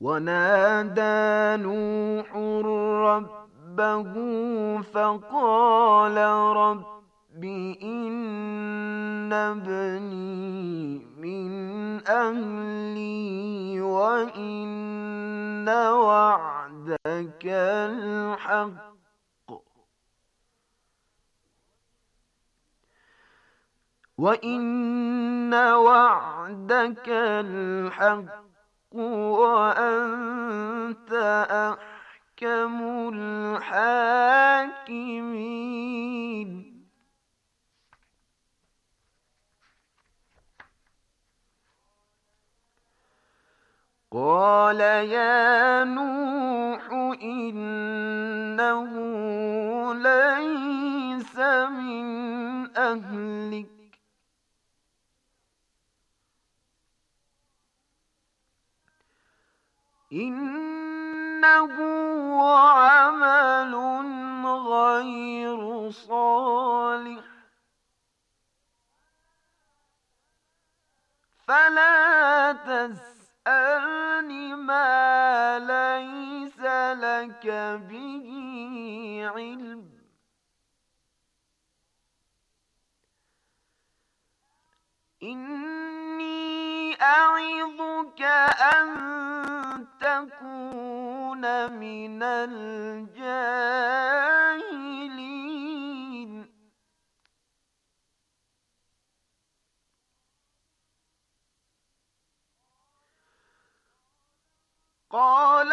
ونادى نوح ربه فقال رب إن ابني من أهلي وإن وعدك الحق وإن وعدك الحق وأنت أحكم الحاكمين قال يا نوح إنه ليس من أهلك إنه عمل غير صالح فلا تسألني ما ليس لك به علم إني أعظك أن تكون من الجاهلين قال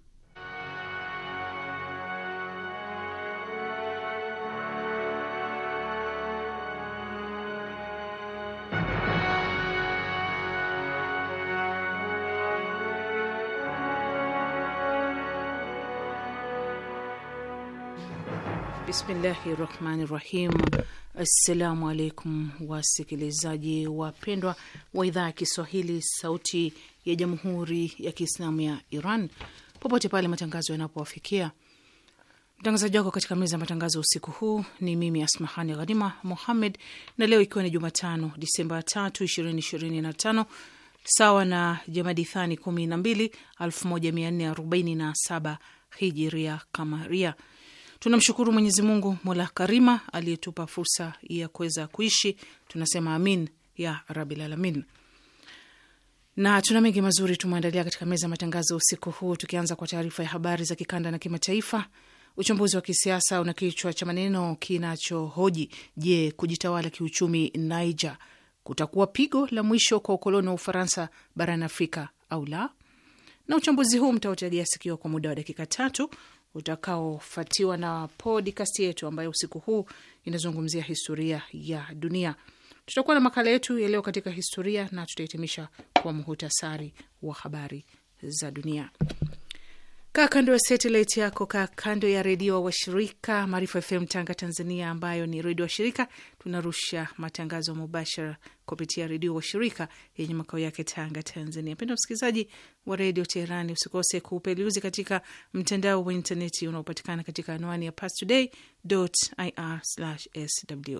Bismillahi rahmani rahim. Assalamu alaikum wasikilizaji wapendwa wa idhaa ya Kiswahili sauti ya jamhuri ya Kiislamu ya Iran popote pale matangazo yanapowafikia. Mtangazaji wako katika meza ya matangazo usiku huu ni mimi Asmahani Ghanima Muhammed, na leo ikiwa ni Jumatano Disemba tatu ishirini ishirini na tano sawa na Jamadi Thani kumi na mbili moja mia nne arobaini na saba hijiria kamaria Tunamshukuru Mwenyezi Mungu mola karima aliyetupa fursa ya kuweza kuishi, tunasema amin ya rabil alamin. Na tuna mengi mazuri tumeandalia katika meza ya matangazo usiku huu, tukianza kwa taarifa ya habari za kikanda na kimataifa. Uchambuzi wa kisiasa una kichwa cha maneno kinachohoji je, kujitawala kiuchumi Niger kutakuwa pigo la mwisho kwa ukoloni wa Ufaransa barani Afrika au la? Na uchambuzi huu mtautegea sikio kwa muda wa dakika tatu utakaofuatiwa na podcast yetu ambayo usiku huu inazungumzia historia ya dunia. Tutakuwa na makala yetu ya leo katika historia na tutahitimisha kwa muhutasari wa habari za dunia. Kaa kando ya satellite yako, kaa kando ya redio wa shirika Maarifa FM Tanga, Tanzania, ambayo ni redio wa shirika. Tunarusha matangazo mubashara kupitia redio wa shirika yenye makao yake Tanga, Tanzania. Mpendwa msikilizaji wa redio Teherani, usikose kuupeliuzi katika mtandao wa intaneti unaopatikana katika anwani ya pastoday.ir/sw.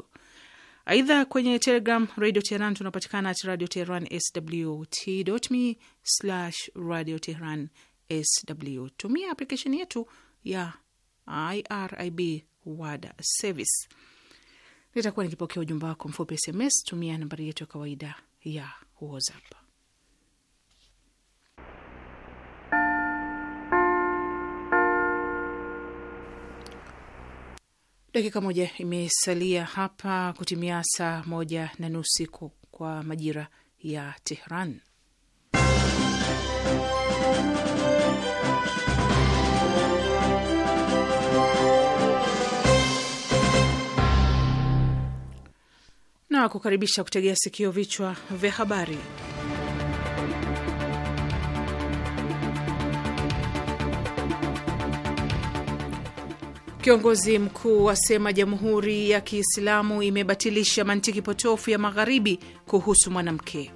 Aidha, kwenye Telegram Radio Teheran tunapatikana at Radio Teheran swt.me/radio Teheran sw. Tumia aplikesheni yetu ya IRIB WADA service. Nitakuwa nikipokea ujumbe wako mfupi SMS. Tumia nambari yetu ya kawaida ya WhatsApp. Dakika moja imesalia hapa kutimia saa moja na nusu kwa majira ya Tehran. na kukaribisha kutegea sikio vichwa vya habari. Kiongozi mkuu asema Jamhuri ya Kiislamu imebatilisha mantiki potofu ya Magharibi kuhusu mwanamke.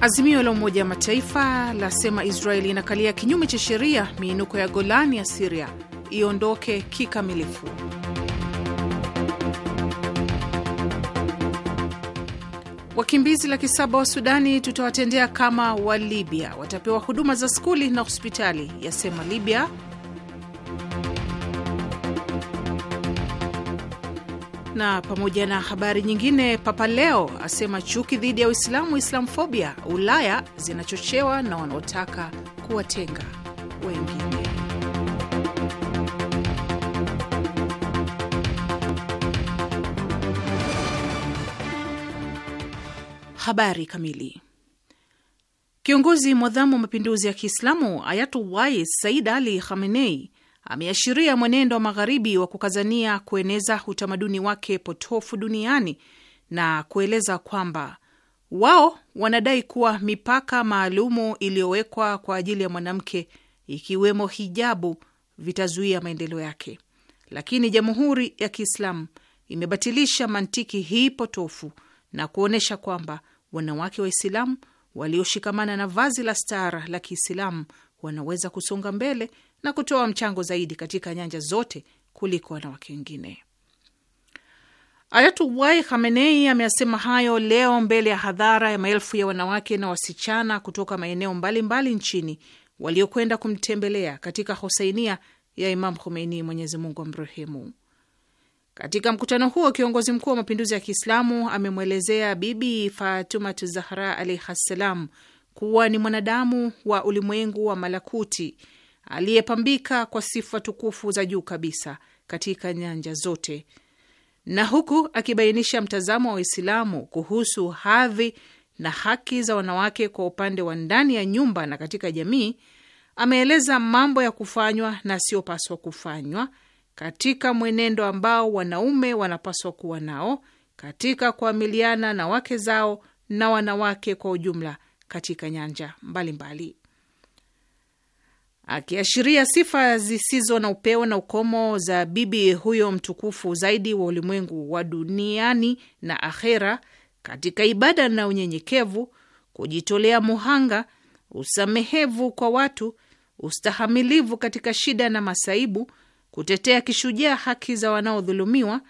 Azimio la Umoja wa Mataifa lasema Israeli inakalia kinyume cha sheria miinuko ya Golani ya Siria iondoke kikamilifu. Wakimbizi laki saba wa Sudani tutawatendea kama wa Libya, watapewa huduma za skuli na hospitali, yasema Libya. Na pamoja na habari nyingine, Papa Leo asema chuki dhidi ya Uislamu, Islamfobia Ulaya zinachochewa na wanaotaka kuwatenga wengi. Habari kamili. Kiongozi mwadhamu wa mapinduzi ya Kiislamu Ayatullah Said Ali Khamenei ameashiria mwenendo wa Magharibi wa kukazania kueneza utamaduni wake potofu duniani na kueleza kwamba wao wanadai kuwa mipaka maalumu iliyowekwa kwa ajili ya mwanamke ikiwemo hijabu vitazuia maendeleo yake, lakini Jamhuri ya Kiislamu imebatilisha mantiki hii potofu na kuonyesha kwamba wanawake Waislamu walioshikamana na vazi la stara la Kiislamu wanaweza kusonga mbele na kutoa mchango zaidi katika nyanja zote kuliko wanawake wengine. Ayatullah Khamenei ameyasema hayo leo mbele ya hadhara ya maelfu ya wanawake na wasichana kutoka maeneo mbalimbali nchini waliokwenda kumtembelea katika hosainia ya Imam Khomeini, Mwenyezi Mungu amrehemu. Katika mkutano huo kiongozi mkuu wa mapinduzi ya Kiislamu amemwelezea Bibi fatumat Zahra alaih ssalam kuwa ni mwanadamu wa ulimwengu wa malakuti aliyepambika kwa sifa tukufu za juu kabisa katika nyanja zote, na huku akibainisha mtazamo wa Waislamu kuhusu hadhi na haki za wanawake kwa upande wa ndani ya nyumba na katika jamii, ameeleza mambo ya kufanywa na asiyopaswa kufanywa katika mwenendo ambao wanaume wanapaswa kuwa nao katika kuamiliana na wake zao na wanawake kwa ujumla katika nyanja mbalimbali, akiashiria sifa zisizo na upeo na ukomo za bibi huyo mtukufu zaidi wa ulimwengu wa duniani na akhera, katika ibada na unyenyekevu, kujitolea muhanga, usamehevu kwa watu, ustahamilivu katika shida na masaibu kutetea kishujaa haki za wanaodhulumiwa,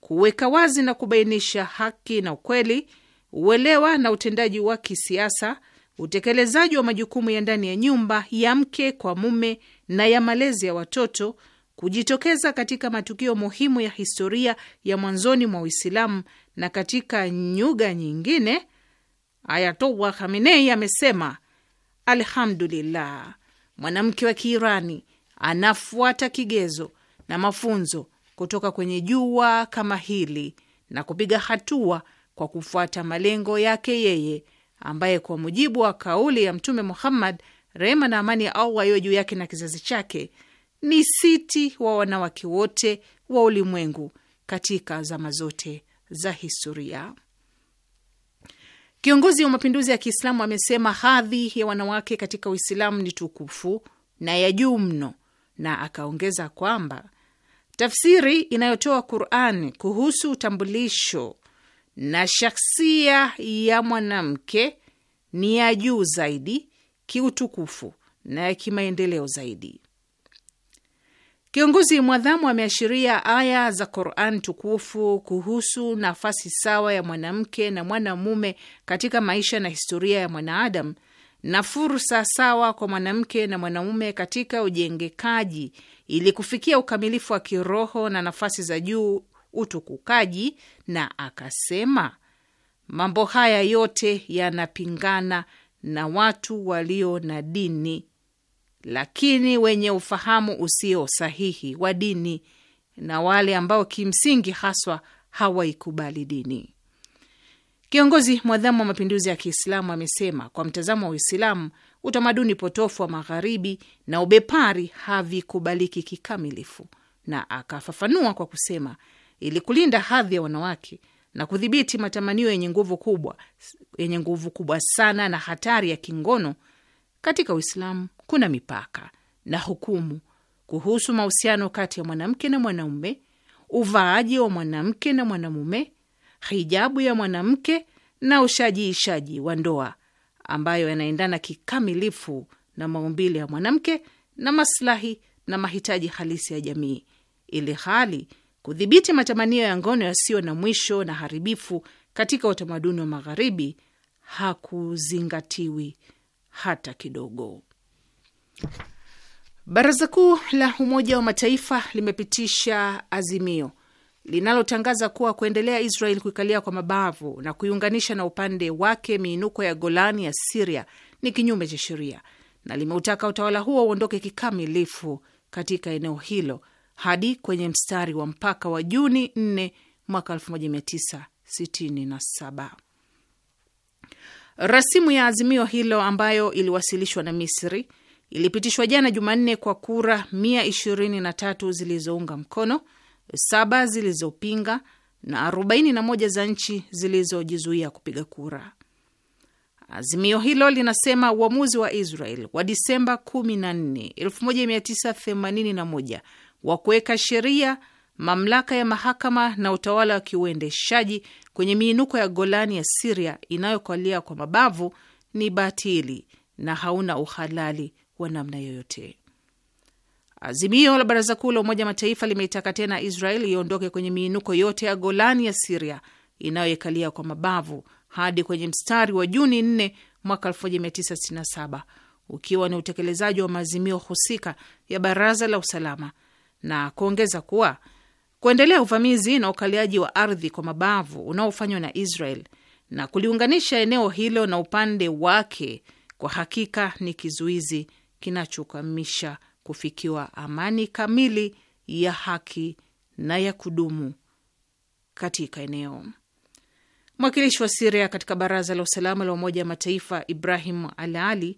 kuweka wazi na kubainisha haki na ukweli, uelewa na utendaji wa kisiasa, utekelezaji wa majukumu ya ndani ya nyumba ya mke kwa mume na ya malezi ya watoto, kujitokeza katika matukio muhimu ya historia ya mwanzoni mwa Uislamu na katika nyuga nyingine. Ayatollah Khamenei amesema alhamdulillah, mwanamke wa Kiirani anafuata kigezo na mafunzo kutoka kwenye jua kama hili na kupiga hatua kwa kufuata malengo yake yeye, ambaye kwa mujibu wa kauli ya Mtume Muhammad, rehema na amani ya Allah iwe juu yake na kizazi chake, ni siti wa wanawake wote wa ulimwengu katika zama zote za historia. Kiongozi wa mapinduzi ya Kiislamu amesema hadhi ya wanawake katika Uislamu ni tukufu na ya juu mno na akaongeza kwamba tafsiri inayotoa Qur'ani kuhusu utambulisho na shaksia ya mwanamke ni ya juu zaidi kiutukufu na ya kimaendeleo zaidi. Kiongozi mwadhamu ameashiria aya za Qur'an tukufu kuhusu nafasi sawa ya mwanamke na mwanamume katika maisha na historia ya mwanaadamu na fursa sawa kwa mwanamke na mwanaume katika ujengekaji ili kufikia ukamilifu wa kiroho na nafasi za juu utukukaji, na akasema mambo haya yote yanapingana na watu walio na dini, lakini wenye ufahamu usio sahihi wa dini na wale ambao kimsingi haswa hawaikubali dini. Kiongozi mwadhamu wa mapinduzi ya Kiislamu amesema kwa mtazamo wa Uislamu, utamaduni potofu wa Magharibi na ubepari havikubaliki kikamilifu, na akafafanua kwa kusema, ili kulinda hadhi ya wanawake na kudhibiti matamanio yenye nguvu kubwa yenye nguvu kubwa sana na hatari ya kingono katika Uislamu kuna mipaka na hukumu kuhusu mahusiano kati ya mwanamke na mwanaume, uvaaji wa mwanamke na mwanamume hijabu ya mwanamke na ushajiishaji wa ndoa ambayo yanaendana kikamilifu na maumbile ya mwanamke na maslahi na mahitaji halisi ya jamii, ili hali kudhibiti matamanio ya ngono yasiyo na mwisho na haribifu katika utamaduni wa Magharibi hakuzingatiwi hata kidogo. Baraza Kuu la Umoja wa Mataifa limepitisha azimio linalotangaza kuwa kuendelea Israel kuikalia kwa mabavu na kuiunganisha na upande wake miinuko ya Golani ya Siria ni kinyume cha sheria na limeutaka utawala huo uondoke kikamilifu katika eneo hilo hadi kwenye mstari wa mpaka wa Juni 4 mwaka 1967. Rasimu ya azimio hilo ambayo iliwasilishwa na Misri ilipitishwa jana Jumanne kwa kura 123 zilizounga mkono saba zilizopinga na 41 za nchi zilizojizuia kupiga kura. Azimio hilo linasema uamuzi wa Israel wa Disemba 14, 1981 wa kuweka sheria, mamlaka ya mahakama na utawala wa kiuendeshaji kwenye miinuko ya Golani ya Siria inayokalia kwa mabavu ni batili na hauna uhalali wa namna yoyote. Azimio la Baraza Kuu la Umoja Mataifa limeitaka tena Israel iondoke kwenye miinuko yote ya Golani ya Siria inayoikalia kwa mabavu hadi kwenye mstari wa Juni 4 mwaka 1967 ukiwa ni utekelezaji wa maazimio husika ya Baraza la Usalama, na kuongeza kuwa kuendelea uvamizi na ukaliaji wa ardhi kwa mabavu unaofanywa na Israel na kuliunganisha eneo hilo na upande wake kwa hakika ni kizuizi kinachokamisha kufikiwa amani kamili ya haki na ya kudumu katika eneo. Mwakilishi wa Siria katika Baraza la Usalama la Umoja wa Mataifa Ibrahim Alali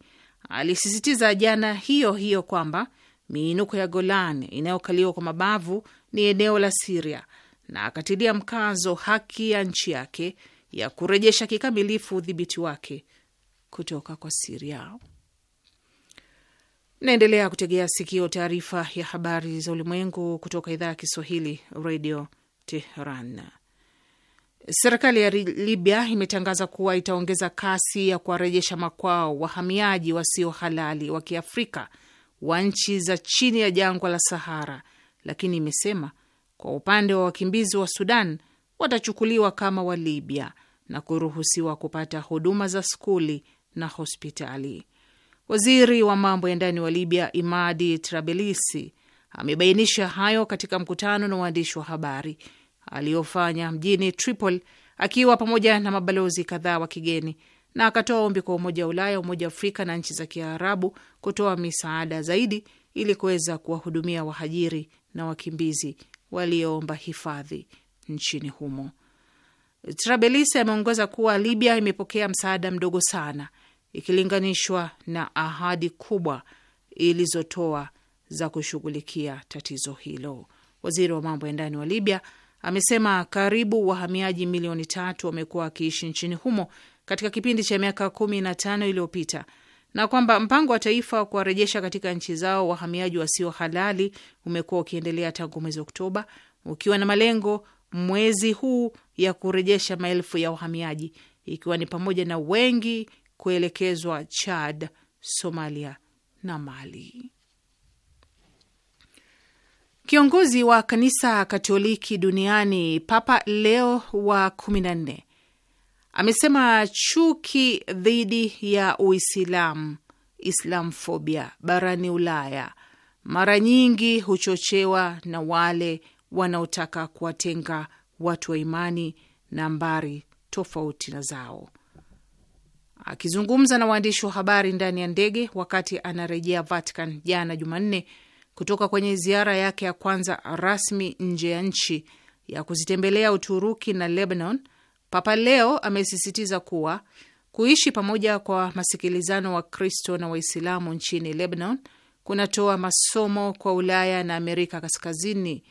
alisisitiza jana hiyo hiyo kwamba miinuko ya Golan inayokaliwa kwa mabavu ni eneo la Siria na akatilia mkazo haki ya nchi yake ya kurejesha kikamilifu udhibiti wake kutoka kwa Siria. Naendelea kutegea sikio taarifa ya habari za ulimwengu kutoka idhaa ya Kiswahili Radio Tehran. Serikali ya Libya imetangaza kuwa itaongeza kasi ya kuwarejesha makwao wahamiaji wasio halali wa Kiafrika wa nchi za chini ya jangwa la Sahara, lakini imesema kwa upande wa wakimbizi wa Sudan watachukuliwa kama wa Libya na kuruhusiwa kupata huduma za skuli na hospitali. Waziri wa mambo ya ndani wa Libya Imadi Trabelisi amebainisha hayo katika mkutano na waandishi wa habari aliyofanya mjini Tripoli akiwa pamoja na mabalozi kadhaa wa kigeni, na akatoa ombi kwa Umoja wa Ulaya, Umoja wa Afrika na nchi za Kiarabu kutoa misaada zaidi ili kuweza kuwahudumia wahajiri na wakimbizi walioomba hifadhi nchini humo. Trabelisi ameongeza kuwa Libya imepokea msaada mdogo sana ikilinganishwa na ahadi kubwa ilizotoa za kushughulikia tatizo hilo. Waziri wa mambo ya ndani wa Libya amesema karibu wahamiaji milioni tatu wamekuwa wakiishi nchini humo katika kipindi cha miaka kumi na tano iliyopita na kwamba mpango wa taifa wa kuwarejesha katika nchi zao wahamiaji wasio halali umekuwa ukiendelea tangu mwezi Oktoba, ukiwa na malengo mwezi huu ya kurejesha maelfu ya wahamiaji, ikiwa ni pamoja na wengi kuelekezwa Chad, Somalia na Mali. Kiongozi wa kanisa Katoliki duniani Papa Leo wa kumi na nne amesema chuki dhidi ya Uislamu, islamfobia, barani Ulaya mara nyingi huchochewa na wale wanaotaka kuwatenga watu wa imani na mbari tofauti na zao. Akizungumza na waandishi wa habari ndani ya ndege wakati anarejea Vatican jana Jumanne kutoka kwenye ziara yake ya kwanza rasmi nje ya nchi ya kuzitembelea Uturuki na Lebanon, Papa Leo amesisitiza kuwa kuishi pamoja kwa masikilizano wa Kristo na Waislamu nchini Lebanon kunatoa masomo kwa Ulaya na Amerika Kaskazini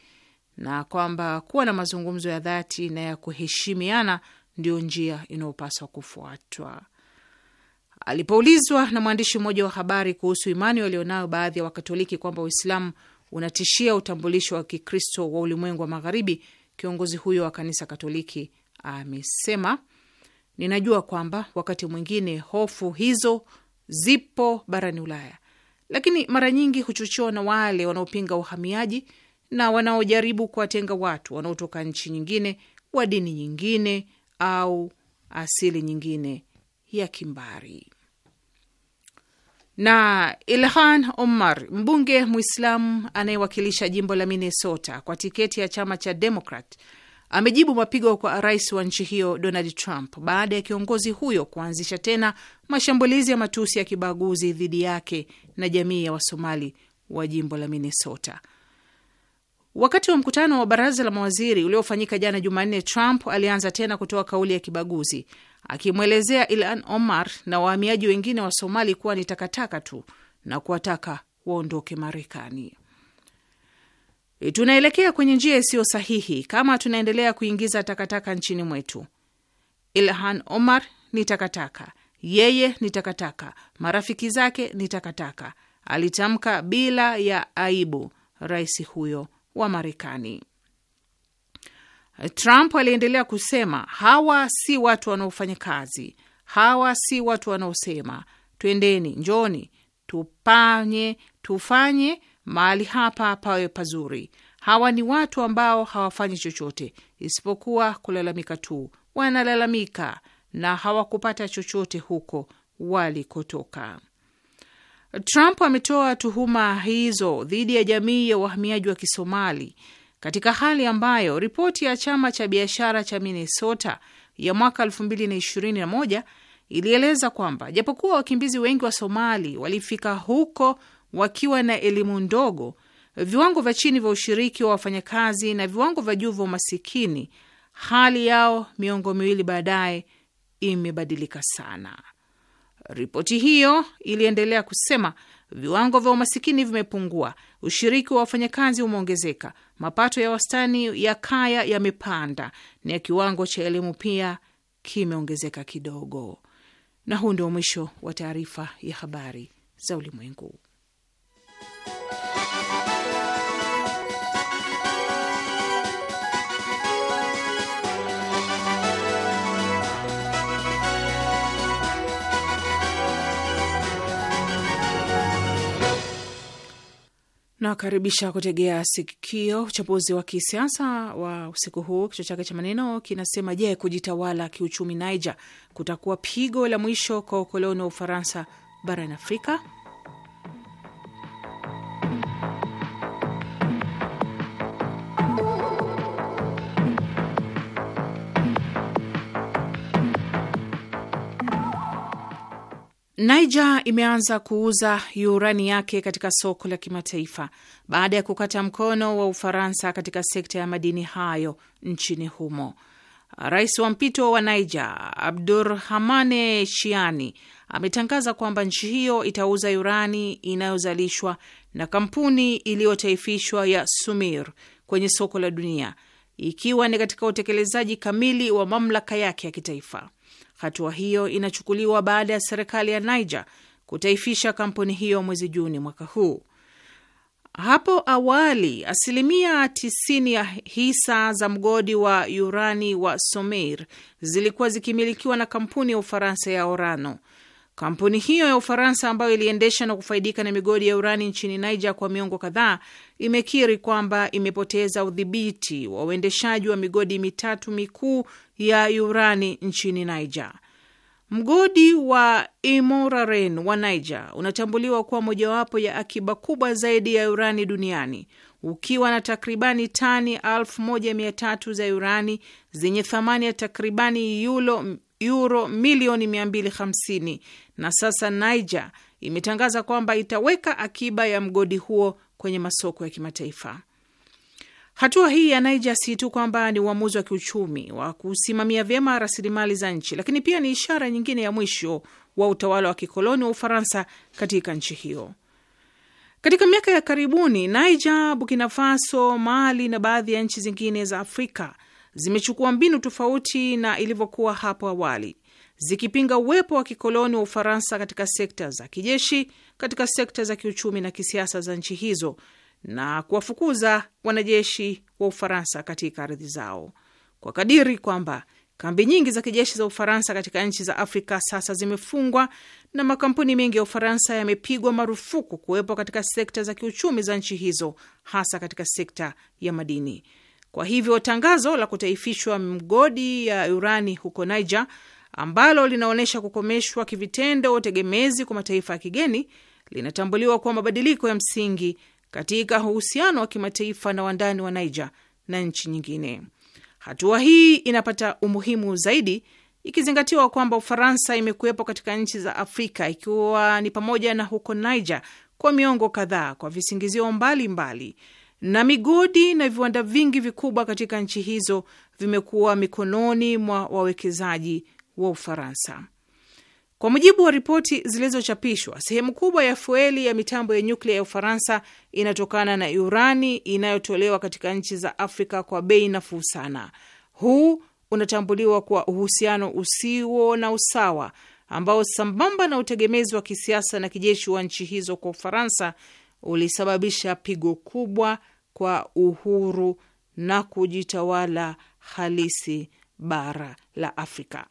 na kwamba kuwa na mazungumzo ya dhati na ya kuheshimiana ndiyo njia inayopaswa kufuatwa. Alipoulizwa na mwandishi mmoja wa habari kuhusu imani walionayo baadhi ya wa Wakatoliki kwamba Uislamu unatishia utambulisho wa Kikristo wa ulimwengu wa Magharibi, kiongozi huyo wa kanisa Katoliki amesema, ninajua kwamba wakati mwingine hofu hizo zipo barani Ulaya, lakini mara nyingi huchochewa na wale wanaopinga uhamiaji na wanaojaribu kuwatenga watu wanaotoka nchi nyingine, wa dini nyingine au asili nyingine ya kimbari na Ilhan Omar, mbunge Mwislamu anayewakilisha jimbo la Minnesota kwa tiketi ya chama cha Demokrat, amejibu mapigo kwa rais wa nchi hiyo Donald Trump baada ya kiongozi huyo kuanzisha tena mashambulizi ya matusi ya kibaguzi dhidi yake na jamii ya Wasomali wa jimbo la Minnesota. Wakati wa mkutano wa baraza la mawaziri uliofanyika jana Jumanne, Trump alianza tena kutoa kauli ya kibaguzi akimwelezea Ilan Omar na wahamiaji wengine wa Somali kuwa ni takataka tu na kuwataka waondoke Marekani. E, tunaelekea kwenye njia isiyo sahihi kama tunaendelea kuingiza takataka nchini mwetu. Ilhan Omar ni takataka, yeye ni takataka, marafiki zake ni takataka, alitamka bila ya aibu rais huyo wa Marekani. Eh, Trump aliendelea kusema, hawa si watu wanaofanya kazi, hawa si watu wanaosema twendeni, njoni, tupanye, tufanye mahali hapa pawe pazuri. Hawa ni watu ambao hawafanyi chochote isipokuwa kulalamika tu, wanalalamika na hawakupata chochote huko walikotoka. Trump ametoa tuhuma hizo dhidi ya jamii ya wahamiaji wa Kisomali katika hali ambayo ripoti ya chama cha biashara cha Minnesota ya mwaka 2021 ilieleza kwamba japokuwa wakimbizi wengi wa Somali walifika huko wakiwa na elimu ndogo, viwango vya chini vya ushiriki wa wafanyakazi na viwango vya juu vya umasikini, hali yao miongo miwili baadaye imebadilika sana. Ripoti hiyo iliendelea kusema viwango vya umasikini vimepungua, ushiriki wa wafanyakazi umeongezeka, Mapato ya wastani ya kaya yamepanda na kiwango cha elimu pia kimeongezeka kidogo. Na huu ndio mwisho wa taarifa ya habari za ulimwengu. Nawakaribisha kutegea sikio uchambuzi wa kisiasa wa usiku huu. Kichwa chake cha maneno kinasema: Je, kujitawala kiuchumi Niger kutakuwa pigo la mwisho kwa ukoloni wa Ufaransa barani Afrika? Niger imeanza kuuza yurani yake katika soko la kimataifa baada ya kukata mkono wa Ufaransa katika sekta ya madini hayo nchini humo. Rais wa mpito wa Niger Abdurhamane Shiani ametangaza kwamba nchi hiyo itauza yurani inayozalishwa na kampuni iliyotaifishwa ya Sumir kwenye soko la dunia, ikiwa ni katika utekelezaji kamili wa mamlaka yake ya kitaifa. Hatua hiyo inachukuliwa baada ya serikali ya Niger kutaifisha kampuni hiyo mwezi Juni mwaka huu. Hapo awali asilimia 90 ya hisa za mgodi wa urani wa Someir zilikuwa zikimilikiwa na kampuni ya Ufaransa ya Orano Kampuni hiyo ya Ufaransa ambayo iliendesha na kufaidika na migodi ya urani nchini Niger kwa miongo kadhaa imekiri kwamba imepoteza udhibiti wa uendeshaji wa migodi mitatu mikuu ya urani nchini Niger. Mgodi wa imoraren wa Niger unatambuliwa kuwa mojawapo ya akiba kubwa zaidi ya urani duniani ukiwa na takribani tani 1300 za urani zenye thamani ya takribani yulo euro milioni 250 na sasa Niger imetangaza kwamba itaweka akiba ya mgodi huo kwenye masoko ya kimataifa. Hatua hii ya Niger si tu kwamba ni uamuzi wa kiuchumi wa kusimamia vyema rasilimali za nchi, lakini pia ni ishara nyingine ya mwisho wa utawala wa kikoloni wa Ufaransa katika nchi hiyo. Katika miaka ya karibuni, Niger, Burkina Faso, Mali na baadhi ya nchi zingine za Afrika zimechukua mbinu tofauti na ilivyokuwa hapo awali, zikipinga uwepo wa kikoloni wa Ufaransa katika sekta za kijeshi, katika sekta za kiuchumi na kisiasa za nchi hizo na kuwafukuza wanajeshi wa Ufaransa katika ardhi zao kwa kadiri kwamba kambi nyingi za kijeshi za Ufaransa katika nchi za Afrika sasa zimefungwa na makampuni mengi ya Ufaransa yamepigwa marufuku kuwepo katika sekta za kiuchumi za nchi hizo, hasa katika sekta ya madini. Kwa hivyo tangazo la kutaifishwa mgodi ya urani huko Niger ambalo linaonyesha kukomeshwa kivitendo utegemezi kwa mataifa ya kigeni linatambuliwa kuwa mabadiliko ya msingi katika uhusiano wa kimataifa na wandani wa Niger na nchi nyingine. Hatua hii inapata umuhimu zaidi ikizingatiwa kwamba Ufaransa imekuwepo katika nchi za Afrika ikiwa ni pamoja na huko Niger kwa miongo kadhaa kwa visingizio mbalimbali mbali, na migodi na viwanda vingi vikubwa katika nchi hizo vimekuwa mikononi mwa wawekezaji wa Ufaransa. Kwa mujibu wa ripoti zilizochapishwa, sehemu kubwa ya fueli ya mitambo ya nyuklia ya Ufaransa inatokana na urani inayotolewa katika nchi za Afrika kwa bei nafuu sana. Huu unatambuliwa kwa uhusiano usio na usawa ambao, sambamba na utegemezi wa kisiasa na kijeshi wa nchi hizo kwa Ufaransa, ulisababisha pigo kubwa kwa uhuru na kujitawala halisi bara la Afrika.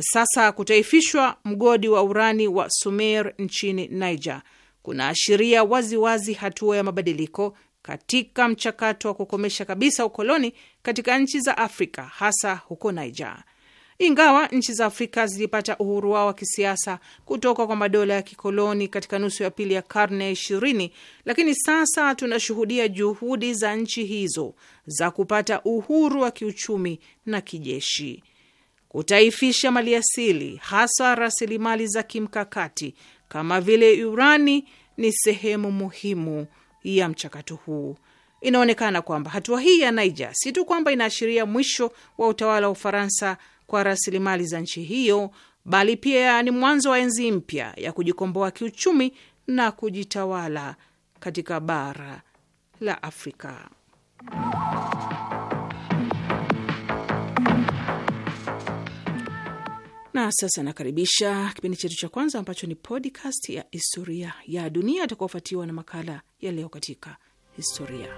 Sasa kutaifishwa mgodi wa urani wa Sumer nchini Niger kunaashiria waziwazi hatua ya mabadiliko katika mchakato wa kukomesha kabisa ukoloni katika nchi za Afrika, hasa huko Niger. Ingawa nchi za Afrika zilipata uhuru wao wa kisiasa kutoka kwa madola ya kikoloni katika nusu ya pili ya karne ya ishirini, lakini sasa tunashuhudia juhudi za nchi hizo za kupata uhuru wa kiuchumi na kijeshi, kutaifisha maliasili, hasa rasilimali za kimkakati kama vile urani ni sehemu muhimu ya mchakato huu. Inaonekana kwamba hatua hii ya Niger si tu kwamba inaashiria mwisho wa utawala wa Ufaransa kwa rasilimali za nchi hiyo, bali pia ni mwanzo wa enzi mpya ya kujikomboa kiuchumi na kujitawala katika bara la Afrika. Na sasa nakaribisha kipindi chetu cha kwanza ambacho ni podcast ya historia ya dunia, itakaofuatiwa na makala ya leo katika historia.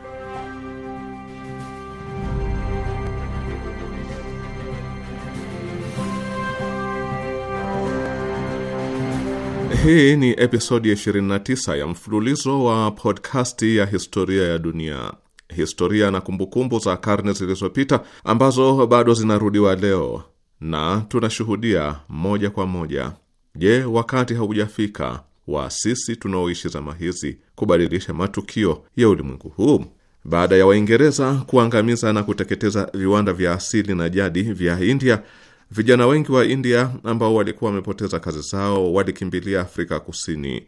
Hii ni episodi ya 29 ya mfululizo wa podkasti ya historia ya dunia, historia na kumbukumbu za karne zilizopita ambazo bado zinarudiwa leo na tunashuhudia moja kwa moja. Je, wakati haujafika wa sisi tunaoishi zama hizi kubadilisha matukio ya ulimwengu huu? Baada ya Waingereza kuangamiza na kuteketeza viwanda vya asili na jadi vya India Vijana wengi wa India ambao walikuwa wamepoteza kazi zao walikimbilia Afrika Kusini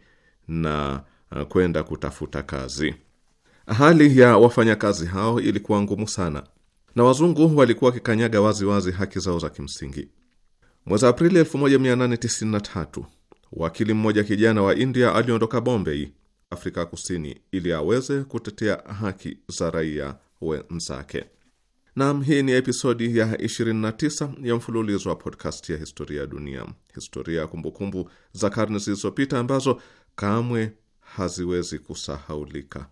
na uh, kwenda kutafuta kazi. Hali ya wafanyakazi hao ilikuwa ngumu sana, na wazungu walikuwa wakikanyaga waziwazi haki zao za kimsingi. Mwezi Aprili 1893 wakili mmoja kijana wa India aliondoka Bombay, Afrika Kusini, ili aweze kutetea haki za raia wenzake. Naam, hii ni episodi ya 29 ya mfululizo wa podcast ya historia ya dunia, historia ya kumbukumbu za karne zilizopita ambazo kamwe haziwezi kusahaulika,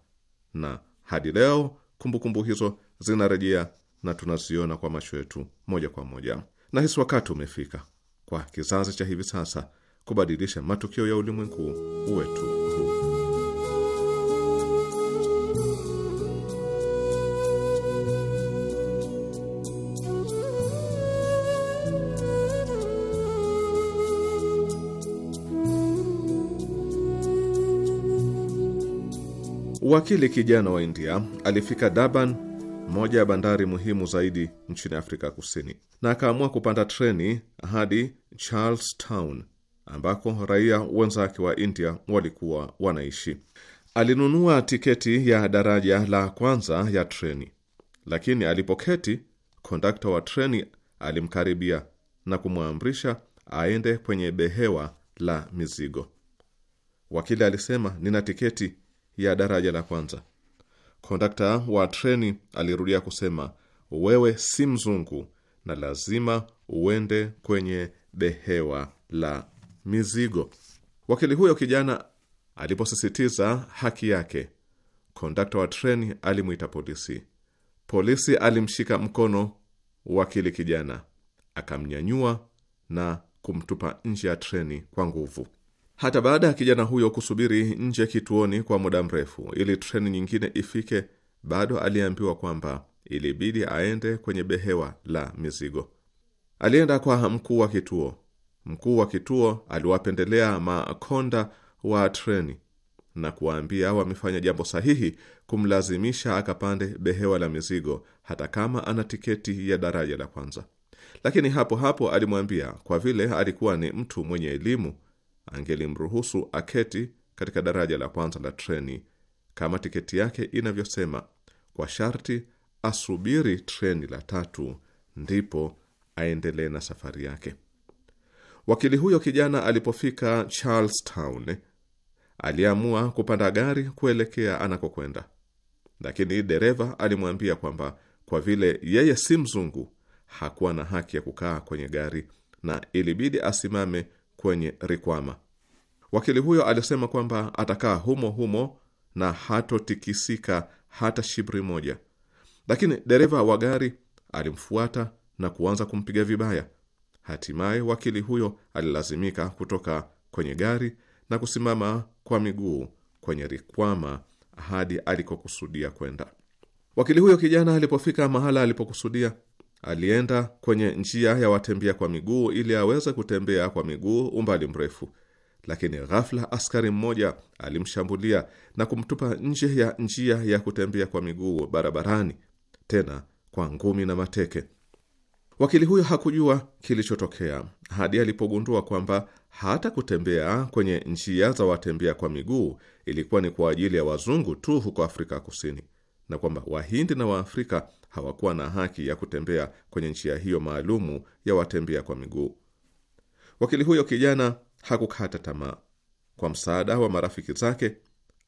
na hadi leo kumbukumbu hizo zinarejea na tunaziona kwa macho yetu moja kwa moja. Nahisi wakati umefika kwa kizazi cha hivi sasa kubadilisha matukio ya ulimwengu wetu. Wakili kijana wa India alifika Durban, moja ya bandari muhimu zaidi nchini Afrika Kusini, na akaamua kupanda treni hadi Town ambako raia wenzake wa India walikuwa wanaishi. Alinunua tiketi ya daraja la kwanza ya treni, lakini alipoketi, kondakta wa treni alimkaribia na kumwamrisha aende kwenye behewa la mizigo. Wakili alisema, nina tiketi ya daraja la kwanza. Kondakta wa treni alirudia kusema, wewe si mzungu na lazima uende kwenye behewa la mizigo. Wakili huyo kijana aliposisitiza haki yake, kondakta wa treni alimwita polisi. Polisi alimshika mkono wakili kijana, akamnyanyua na kumtupa nje ya treni kwa nguvu. Hata baada ya kijana huyo kusubiri nje kituoni kwa muda mrefu ili treni nyingine ifike, bado aliambiwa kwamba ilibidi aende kwenye behewa la mizigo. Alienda kwa mkuu wa kituo. Mkuu wa kituo aliwapendelea makonda wa treni na kuwaambia wamefanya jambo sahihi kumlazimisha akapande behewa la mizigo hata kama ana tiketi ya daraja la kwanza. Lakini hapo hapo alimwambia kwa vile alikuwa ni mtu mwenye elimu angelimruhusu aketi katika daraja la kwanza la treni kama tiketi yake inavyosema, kwa sharti asubiri treni la tatu ndipo aendelee na safari yake. Wakili huyo kijana alipofika Charlestown aliamua kupanda gari kuelekea anakokwenda, lakini dereva alimwambia kwamba kwa vile yeye si mzungu hakuwa na haki ya kukaa kwenye gari na ilibidi asimame kwenye rikwama. Wakili huyo alisema kwamba atakaa humo humo na hatotikisika hata shibri moja, lakini dereva wa gari alimfuata na kuanza kumpiga vibaya. Hatimaye wakili huyo alilazimika kutoka kwenye gari na kusimama kwa miguu kwenye rikwama hadi alikokusudia kwenda. Wakili huyo kijana alipofika mahala alipokusudia alienda kwenye njia ya watembea kwa miguu ili aweze kutembea kwa miguu umbali mrefu, lakini ghafla askari mmoja alimshambulia na kumtupa nje ya njia ya kutembea kwa miguu barabarani, tena kwa ngumi na mateke. Wakili huyo hakujua kilichotokea hadi alipogundua kwamba hata kutembea kwenye njia za watembea kwa miguu ilikuwa ni kwa ajili ya wazungu tu huko Afrika Kusini na kwamba Wahindi na Waafrika hawakuwa na haki ya kutembea kwenye njia hiyo maalumu ya watembea kwa miguu. Wakili huyo kijana hakukata tamaa. Kwa msaada wa marafiki zake,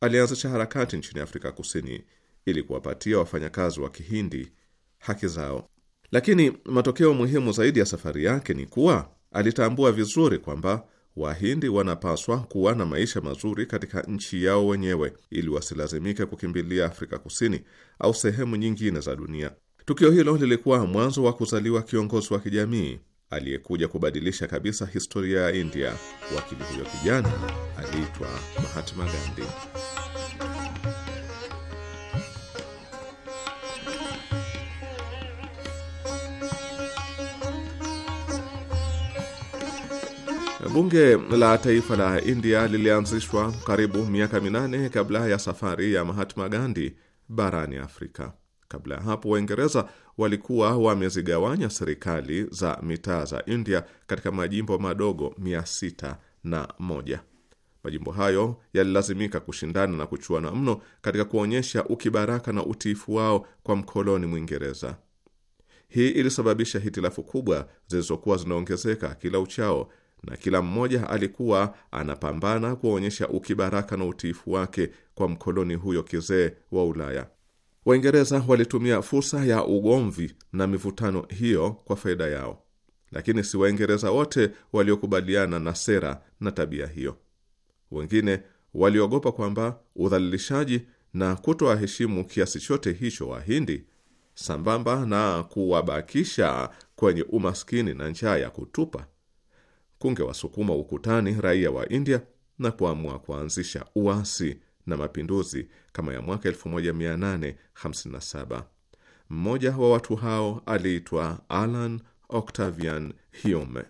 alianzisha harakati nchini Afrika Kusini ili kuwapatia wafanyakazi wa Kihindi haki zao. Lakini matokeo muhimu zaidi ya safari yake ni kuwa alitambua vizuri kwamba Wahindi wanapaswa kuwa na maisha mazuri katika nchi yao wenyewe ili wasilazimike kukimbilia Afrika Kusini au sehemu nyingine za dunia. Tukio hilo lilikuwa mwanzo wa kuzaliwa kiongozi wa kijamii aliyekuja kubadilisha kabisa historia ya India. Wakili huyo kijana aliitwa Mahatma Gandhi. Bunge la Taifa la India lilianzishwa karibu miaka minane kabla ya safari ya Mahatma Gandhi barani Afrika. Kabla ya hapo, Waingereza walikuwa wamezigawanya serikali za mitaa za India katika majimbo madogo mia sita na moja. Majimbo hayo yalilazimika kushindana na kuchuana mno katika kuonyesha ukibaraka na utiifu wao kwa mkoloni Mwingereza. Hii ilisababisha hitilafu kubwa zilizokuwa zinaongezeka kila uchao na kila mmoja alikuwa anapambana kuonyesha ukibaraka na utiifu wake kwa mkoloni huyo kizee wa Ulaya. Waingereza walitumia fursa ya ugomvi na mivutano hiyo kwa faida yao, lakini si Waingereza wote waliokubaliana na sera na tabia hiyo. Wengine waliogopa kwamba udhalilishaji na kutoa heshimu kiasi chote hicho Wahindi sambamba na kuwabakisha kwenye umaskini na njaa ya kutupa kungewasukuma ukutani raia wa India na kuamua kuanzisha uasi na mapinduzi kama ya mwaka 1857. Mmoja wa watu hao aliitwa Alan Octavian Hume.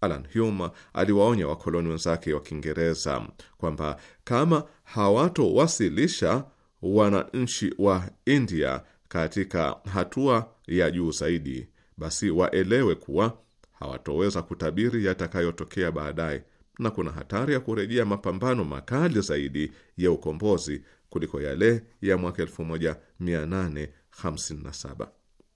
Alan Hume aliwaonya wakoloni wenzake wa Kiingereza kwamba kama hawatowasilisha wananchi wa India katika hatua ya juu zaidi, basi waelewe kuwa hawatoweza kutabiri yatakayotokea baadaye, na kuna hatari ya kurejea mapambano makali zaidi ya ukombozi kuliko yale ya mwaka 1857.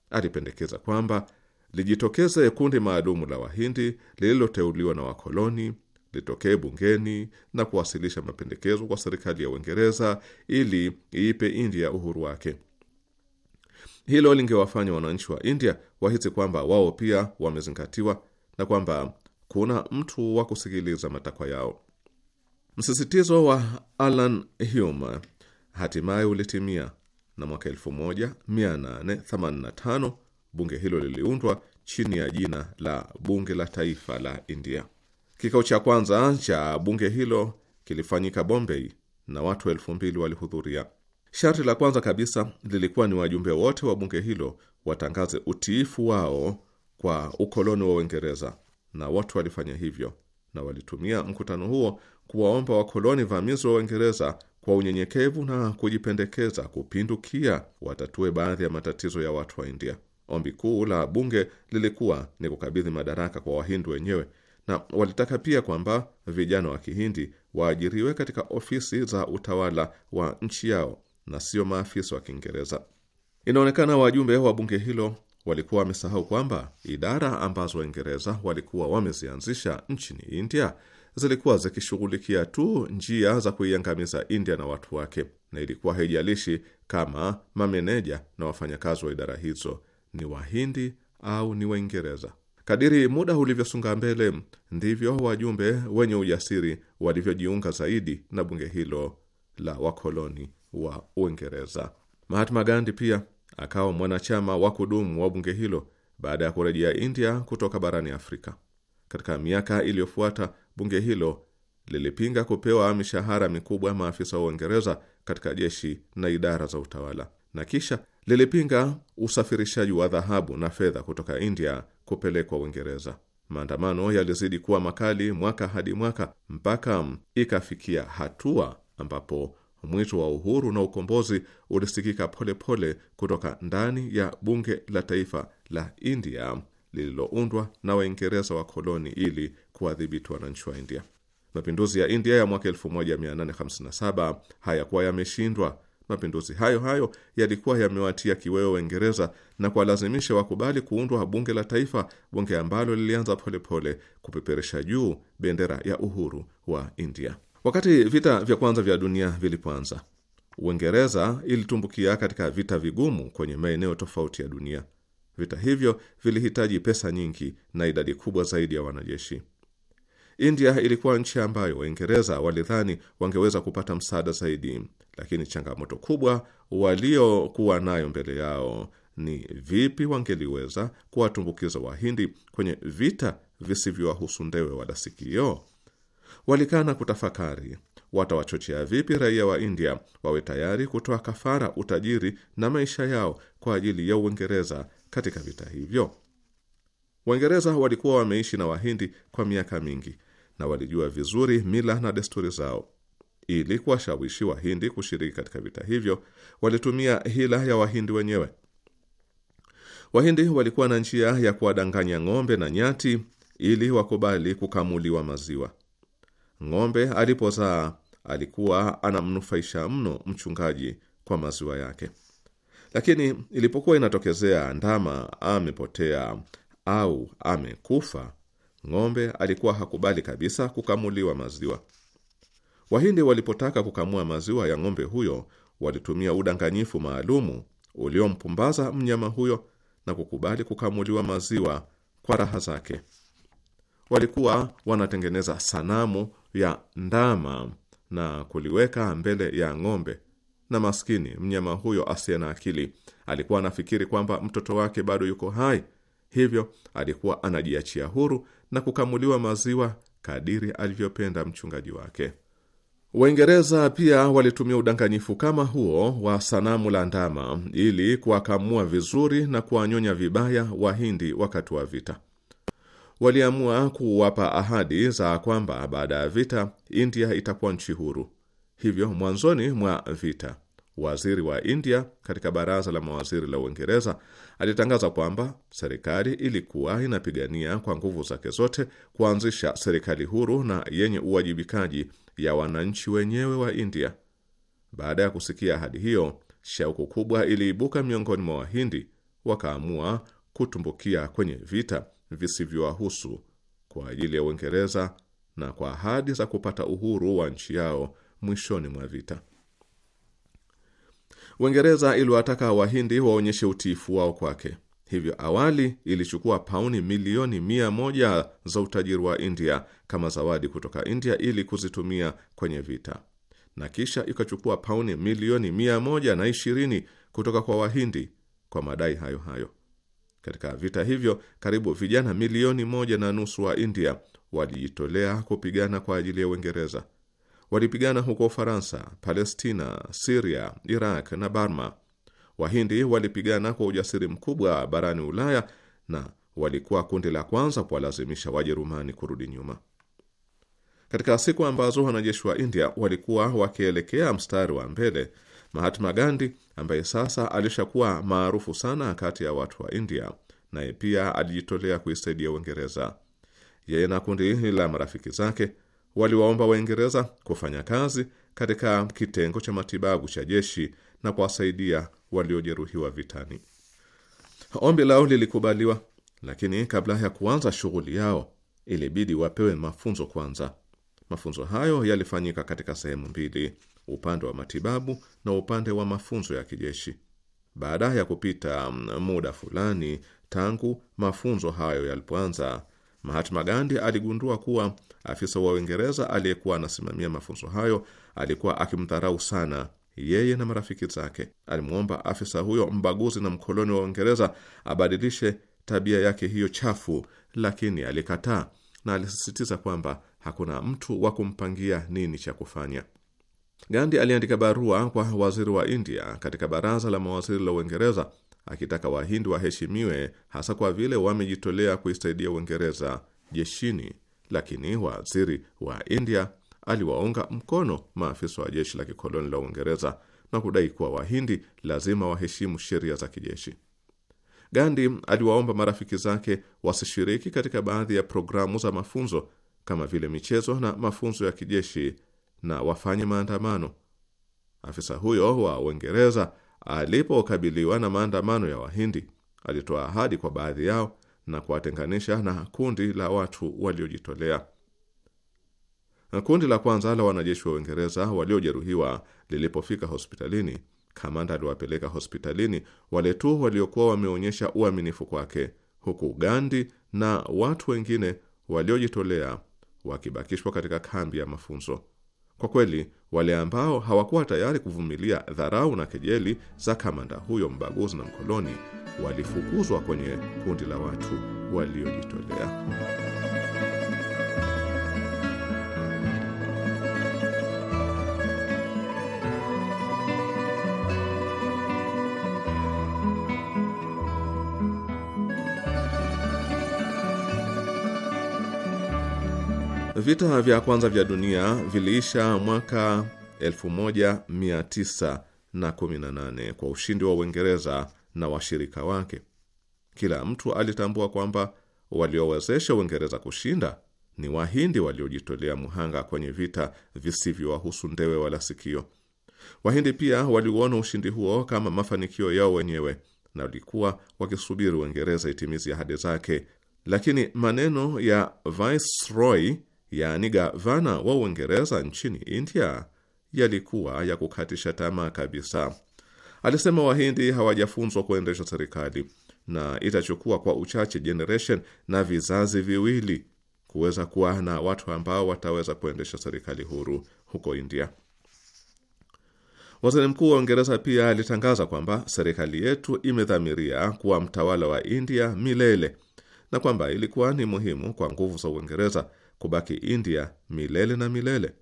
Alipendekeza kwamba lijitokeze kundi maalumu la Wahindi lililoteuliwa na wakoloni litokee bungeni na kuwasilisha mapendekezo kwa serikali ya Uingereza ili iipe India uhuru wake. Hilo lingewafanya wananchi wa India wahisi kwamba wao pia wamezingatiwa na kwamba kuna mtu wa kusikiliza matakwa yao. Msisitizo wa Alan Hume hatimaye ulitimia, na mwaka 1885 bunge hilo liliundwa chini ya jina la Bunge la Taifa la India. Kikao cha kwanza cha bunge hilo kilifanyika Bombay na watu elfu mbili walihudhuria. Sharti la kwanza kabisa lilikuwa ni wajumbe wote wa bunge hilo watangaze utiifu wao kwa ukoloni wa Uingereza, na watu walifanya hivyo, na walitumia mkutano huo kuwaomba wakoloni vamizi wa Uingereza kwa unyenyekevu na kujipendekeza kupindukia watatue baadhi ya matatizo ya watu wa India. Ombi kuu la bunge lilikuwa ni kukabidhi madaraka kwa Wahindu wenyewe, na walitaka pia kwamba vijana wa Kihindi waajiriwe katika ofisi za utawala wa nchi yao na sio maafisa wa Kiingereza. Inaonekana wajumbe wa bunge hilo walikuwa wamesahau kwamba idara ambazo Waingereza walikuwa wamezianzisha nchini India zilikuwa zikishughulikia tu njia za kuiangamiza India na watu wake, na ilikuwa haijalishi kama mameneja na wafanyakazi wa idara hizo ni Wahindi au ni Waingereza. Kadiri muda ulivyosonga mbele, ndivyo wajumbe wenye ujasiri walivyojiunga zaidi na bunge hilo la wakoloni wa Uingereza. Mahatma Gandhi pia akawa mwanachama wa kudumu wa bunge hilo baada ya kurejea India kutoka barani Afrika. Katika miaka iliyofuata, bunge hilo lilipinga kupewa mishahara mikubwa maafisa wa Uingereza katika jeshi na idara za utawala, na kisha lilipinga usafirishaji wa dhahabu na fedha kutoka India kupelekwa Uingereza. Maandamano yalizidi kuwa makali mwaka hadi mwaka mpaka ikafikia hatua ambapo Mwito wa uhuru na ukombozi ulisikika polepole pole kutoka ndani ya bunge la taifa la India lililoundwa na Waingereza wa koloni ili kuwadhibiti wananchi wa India. Mapinduzi ya India ya mwaka 1857 hayakuwa yameshindwa. Mapinduzi hayo hayo yalikuwa yamewatia kiwewe Waingereza na kuwalazimisha wakubali kuundwa bunge la taifa, bunge ambalo lilianza polepole kupeperesha juu bendera ya uhuru wa India. Wakati vita vya kwanza vya dunia vilipoanza, Uingereza ilitumbukia katika vita vigumu kwenye maeneo tofauti ya dunia. Vita hivyo vilihitaji pesa nyingi na idadi kubwa zaidi ya wanajeshi. India ilikuwa nchi ambayo Waingereza walidhani wangeweza kupata msaada zaidi, lakini changamoto kubwa waliokuwa nayo mbele yao ni vipi wangeliweza kuwatumbukiza Wahindi kwenye vita visivyowahusu ndewe wala sikio walikaa na kutafakari watawachochea vipi raia wa India wawe tayari kutoa kafara utajiri na maisha yao kwa ajili ya Uingereza katika vita hivyo. Waingereza walikuwa wameishi na Wahindi kwa miaka mingi na walijua vizuri mila na desturi zao. Ili kuwashawishi Wahindi kushiriki katika vita hivyo, walitumia hila ya Wahindi wenyewe. Wahindi walikuwa na njia ya kuwadanganya ng'ombe na nyati ili wakubali kukamuliwa maziwa. Ng'ombe alipozaa alikuwa anamnufaisha mno mchungaji kwa maziwa yake, lakini ilipokuwa inatokezea ndama amepotea au amekufa, ng'ombe alikuwa hakubali kabisa kukamuliwa maziwa. Wahindi walipotaka kukamua maziwa ya ng'ombe huyo, walitumia udanganyifu maalumu uliompumbaza mnyama huyo na kukubali kukamuliwa maziwa kwa raha zake. Walikuwa wanatengeneza sanamu ya ndama na kuliweka mbele ya ng'ombe, na maskini mnyama huyo asiye na akili alikuwa anafikiri kwamba mtoto wake bado yuko hai, hivyo alikuwa anajiachia huru na kukamuliwa maziwa kadiri alivyopenda mchungaji wake. Waingereza pia walitumia udanganyifu kama huo wa sanamu la ndama ili kuwakamua vizuri na kuwanyonya vibaya Wahindi wakati wa vita waliamua kuwapa ahadi za kwamba baada ya vita India itakuwa nchi huru. Hivyo mwanzoni mwa vita, waziri wa India katika baraza la mawaziri la Uingereza alitangaza kwamba serikali ilikuwa inapigania kwa nguvu zake zote kuanzisha serikali huru na yenye uwajibikaji ya wananchi wenyewe wa India. Baada ya kusikia ahadi hiyo, shauku kubwa iliibuka miongoni mwa Wahindi, wakaamua kutumbukia kwenye vita visivyowahusu kwa ajili ya Uingereza na kwa ahadi za kupata uhuru wa nchi yao mwishoni mwa vita. Uingereza iliwataka Wahindi waonyeshe utiifu wao kwake. Hivyo awali ilichukua pauni milioni mia moja za utajiri wa India kama zawadi kutoka India ili kuzitumia kwenye vita, na kisha ikachukua pauni milioni mia moja na ishirini kutoka kwa Wahindi kwa madai hayo hayo. Katika vita hivyo karibu vijana milioni moja na nusu wa India walijitolea kupigana kwa ajili ya Uingereza. Walipigana huko Ufaransa, Palestina, Siria, Iraq na Burma. Wahindi walipigana kwa ujasiri mkubwa barani Ulaya na walikuwa kundi la kwanza kuwalazimisha Wajerumani kurudi nyuma. Katika siku ambazo wanajeshi wa India walikuwa wakielekea mstari wa mbele, Mahatma Gandhi ambaye sasa alishakuwa maarufu sana kati ya watu wa India, naye pia alijitolea kuisaidia Uingereza. Yeye na kundi la marafiki zake waliwaomba Waingereza kufanya kazi katika kitengo cha matibabu cha jeshi na kuwasaidia waliojeruhiwa vitani. Ombi lao lilikubaliwa, lakini kabla ya kuanza shughuli yao ilibidi wapewe mafunzo kwanza. Mafunzo hayo yalifanyika katika sehemu mbili upande wa matibabu na upande wa mafunzo ya kijeshi. Baada ya kupita mm, muda fulani tangu mafunzo hayo yalipoanza, Mahatma Gandhi aligundua kuwa afisa wa Uingereza aliyekuwa anasimamia mafunzo hayo alikuwa akimdharau sana yeye na marafiki zake. Alimwomba afisa huyo mbaguzi na mkoloni wa Uingereza abadilishe tabia yake hiyo chafu, lakini alikataa na alisisitiza kwamba hakuna mtu wa kumpangia nini cha kufanya. Gandhi aliandika barua kwa waziri wa India katika baraza la mawaziri la Uingereza akitaka Wahindi waheshimiwe hasa kwa vile wamejitolea kuisaidia Uingereza jeshini, lakini waziri wa India aliwaunga mkono maafisa wa jeshi la kikoloni la Uingereza na kudai kuwa Wahindi lazima waheshimu sheria za kijeshi. Gandhi aliwaomba marafiki zake wasishiriki katika baadhi ya programu za mafunzo kama vile michezo na mafunzo ya kijeshi na wafanye maandamano. Afisa huyo wa Uingereza alipokabiliwa na maandamano ya Wahindi alitoa ahadi kwa baadhi yao na kuwatenganisha na kundi la watu waliojitolea. Kundi la kwanza la wanajeshi wa Uingereza waliojeruhiwa lilipofika hospitalini, kamanda aliwapeleka hospitalini wale tu waliokuwa wameonyesha uaminifu kwake, huku Gandhi na watu wengine waliojitolea wakibakishwa katika kambi ya mafunzo. Kwa kweli wale ambao hawakuwa tayari kuvumilia dharau na kejeli za kamanda huyo mbaguzi na mkoloni walifukuzwa kwenye kundi la watu waliojitolea. Vita vya kwanza vya dunia viliisha mwaka 1918 kwa ushindi wa Uingereza na washirika wake. Kila mtu alitambua kwamba waliowezesha Uingereza kushinda ni Wahindi waliojitolea muhanga kwenye vita visivyowahusu ndewe wala sikio. Wahindi pia waliuona ushindi huo kama mafanikio yao wenyewe na walikuwa wakisubiri Uingereza itimizi ahadi zake, lakini maneno ya Viceroy yaani gavana wa Uingereza nchini India yalikuwa ya kukatisha tamaa kabisa. Alisema Wahindi hawajafunzwa kuendesha serikali na itachukua kwa uchache generation na vizazi viwili kuweza kuwa na watu ambao wataweza kuendesha serikali huru huko India. Waziri Mkuu wa Uingereza pia alitangaza kwamba serikali yetu imedhamiria kuwa mtawala wa India milele na kwamba ilikuwa ni muhimu kwa nguvu za Uingereza kubaki India milele na milele.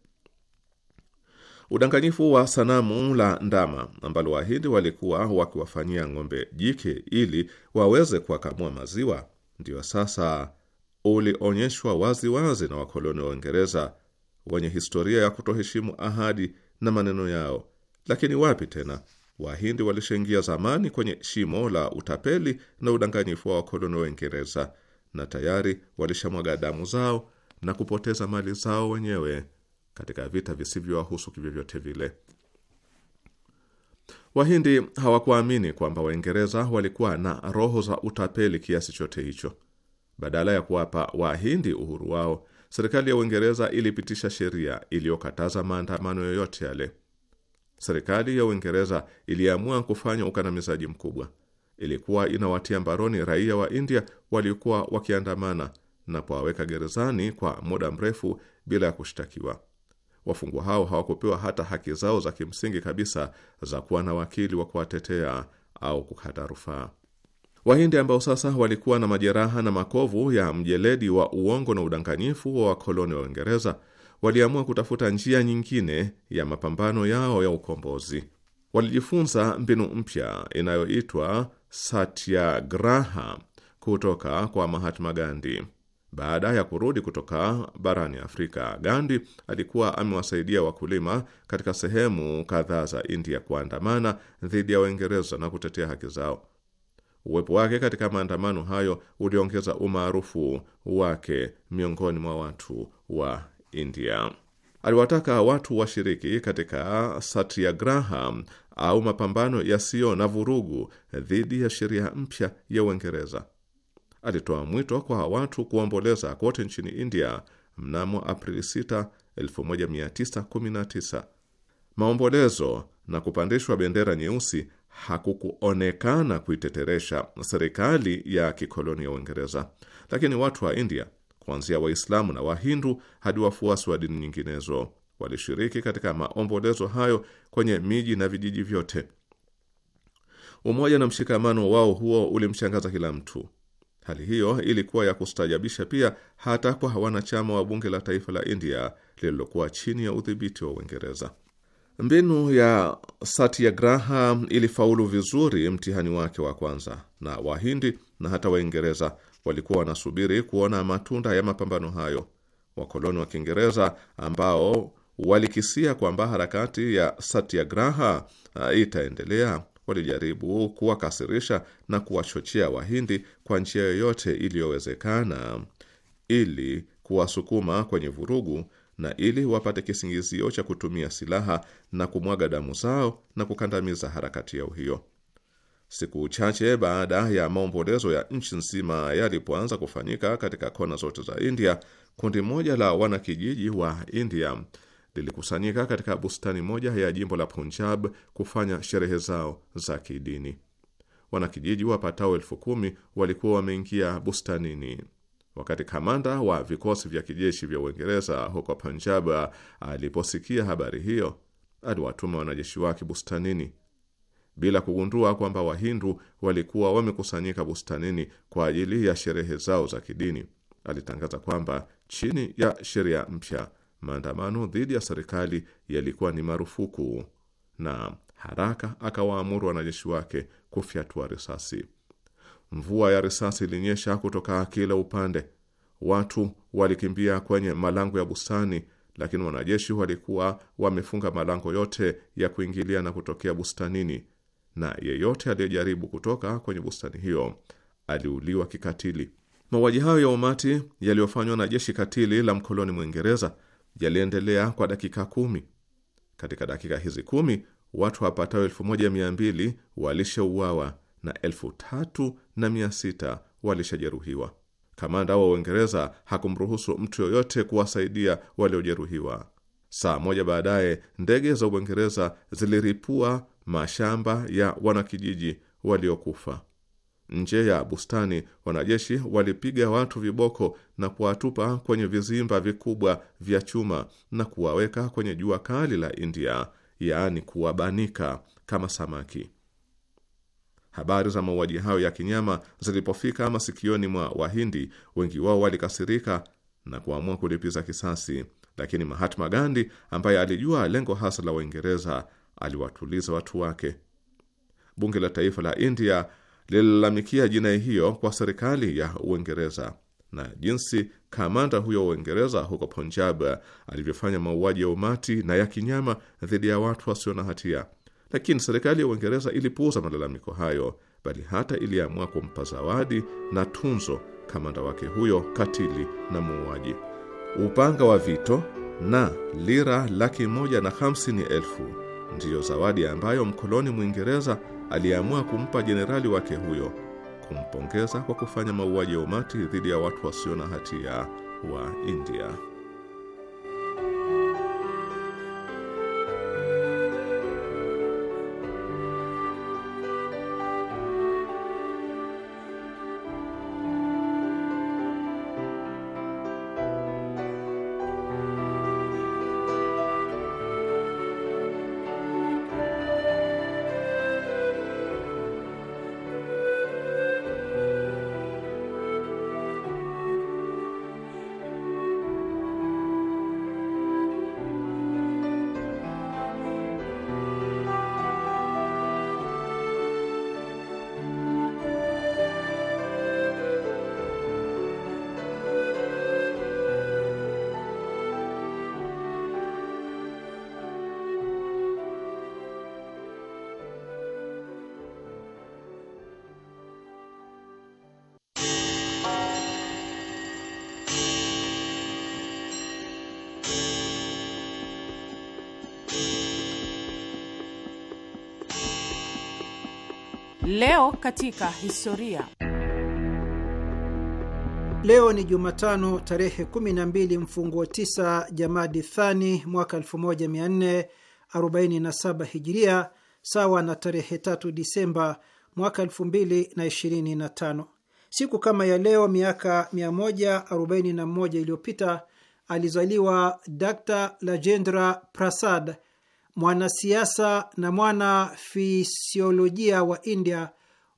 Udanganyifu wa sanamu la ndama ambalo Wahindi walikuwa wakiwafanyia ng'ombe jike ili waweze kuwakamua maziwa, ndio sasa ulionyeshwa wazi wazi na wakoloni wa Uingereza wenye historia ya kutoheshimu ahadi na maneno yao. Lakini wapi tena, Wahindi walishaingia zamani kwenye shimo la utapeli na udanganyifu wa wakoloni wa Uingereza, na tayari walishamwaga damu zao na kupoteza mali zao wenyewe katika vita visivyowahusu kivyovyote vile. Wahindi hawakuamini kwamba Waingereza walikuwa na roho za utapeli kiasi chote hicho. Badala ya kuwapa Wahindi uhuru wao, serikali ya Uingereza ilipitisha sheria iliyokataza maandamano yoyote yale. Serikali ya Uingereza iliamua kufanya ukandamizaji mkubwa. Ilikuwa inawatia mbaroni raia wa India waliokuwa wakiandamana na kuwaweka gerezani kwa muda mrefu bila ya kushtakiwa. Wafungwa hao hawakupewa hata haki zao za kimsingi kabisa za kuwa na wakili wa kuwatetea au kukata rufaa. Wahindi ambao sasa walikuwa na majeraha na makovu ya mjeledi wa uongo na udanganyifu wa wakoloni wa Uingereza waliamua kutafuta njia nyingine ya mapambano yao ya ukombozi. Walijifunza mbinu mpya inayoitwa satyagraha kutoka kwa Mahatma Gandhi. Baada ya kurudi kutoka barani Afrika, Gandhi alikuwa amewasaidia wakulima katika sehemu kadhaa za India kuandamana dhidi ya Waingereza na kutetea haki zao. Uwepo wake katika maandamano hayo uliongeza umaarufu wake miongoni mwa watu wa India. Aliwataka watu washiriki katika satyagraha au mapambano yasiyo na vurugu dhidi ya sheria mpya ya Uingereza alitoa mwito kwa watu kuomboleza kote nchini India mnamo Aprili 6, 1919. Maombolezo na kupandishwa bendera nyeusi hakukuonekana kuiteteresha serikali ya kikoloni ya Uingereza, lakini watu wa India kuanzia Waislamu na Wahindu hadi wafuasi wa dini nyinginezo walishiriki katika maombolezo hayo kwenye miji na vijiji vyote. Umoja na mshikamano wao huo ulimshangaza kila mtu. Hali hiyo ilikuwa ya kustajabisha pia hata kwa wanachama wa bunge la taifa la India lililokuwa chini ya udhibiti wa Uingereza. Mbinu ya Satyagraha ilifaulu vizuri mtihani wake wa kwanza, na Wahindi na hata Waingereza walikuwa wanasubiri kuona matunda ya mapambano hayo. Wakoloni wa Kiingereza ambao walikisia kwamba harakati ya Satyagraha uh, itaendelea walijaribu kuwakasirisha na kuwachochea Wahindi kwa njia yoyote iliyowezekana ili kuwasukuma kwenye vurugu na ili wapate kisingizio cha kutumia silaha na kumwaga damu zao na kukandamiza harakati yao hiyo. Siku chache baada ya maombolezo ya nchi nzima yalipoanza kufanyika katika kona zote za India, kundi moja la wanakijiji wa India lilikusanyika katika bustani moja ya jimbo la Punjab kufanya sherehe zao za kidini. Wanakijiji wapatao elfu kumi walikuwa wameingia bustanini wakati kamanda wa vikosi vya kijeshi vya Uingereza huko Punjab aliposikia habari hiyo, aliwatuma wanajeshi wake bustanini bila kugundua kwamba Wahindu walikuwa wamekusanyika bustanini kwa ajili ya sherehe zao za kidini. Alitangaza kwamba chini ya sheria mpya maandamano dhidi ya serikali yalikuwa ni marufuku, na haraka akawaamuru wanajeshi wake kufyatua risasi. Mvua ya risasi ilinyesha kutoka kila upande. Watu walikimbia kwenye malango ya bustani, lakini wanajeshi walikuwa wamefunga malango yote ya kuingilia na kutokea bustanini, na yeyote aliyejaribu kutoka kwenye bustani hiyo aliuliwa kikatili. Mauaji hayo ya umati yaliyofanywa na jeshi katili la mkoloni Mwingereza yaliendelea kwa dakika kumi. Katika dakika hizi kumi watu wapatao elfu moja mia mbili walishauawa na elfu tatu na mia sita walishajeruhiwa. Kamanda wa Uingereza hakumruhusu mtu yoyote kuwasaidia waliojeruhiwa. Saa moja baadaye ndege za Uingereza ziliripua mashamba ya wanakijiji waliokufa. Nje ya bustani, wanajeshi walipiga watu viboko na kuwatupa kwenye vizimba vikubwa vya chuma na kuwaweka kwenye jua kali la India, yaani kuwabanika kama samaki. Habari za mauaji hayo ya kinyama zilipofika masikioni mwa Wahindi, wengi wao walikasirika na kuamua kulipiza kisasi, lakini Mahatma Gandhi ambaye alijua lengo hasa la Waingereza aliwatuliza watu wake. Bunge la Taifa la India lililalamikia jinai hiyo kwa serikali ya Uingereza na jinsi kamanda huyo wa Uingereza huko Punjab alivyofanya mauaji ya umati na ya kinyama dhidi ya watu wasio na hatia. Lakini serikali ya Uingereza ilipuuza malalamiko hayo, bali hata iliamua kumpa zawadi na tunzo kamanda wake huyo katili na muuaji. Upanga wa vito na lira laki moja na hamsini elfu ndiyo zawadi ambayo mkoloni Mwingereza aliamua kumpa jenerali wake huyo, kumpongeza kwa kufanya mauaji ya umati dhidi ya watu wasio na hatia wa India. Leo katika historia. Leo ni Jumatano tarehe 12 mfunguo 9 Jamadi Thani mwaka 1447 Hijiria, sawa na tarehe 3 Disemba mwaka 2025. Siku kama ya leo miaka 141 iliyopita alizaliwa Dr Rajendra Prasad, mwanasiasa na mwana fisiolojia wa India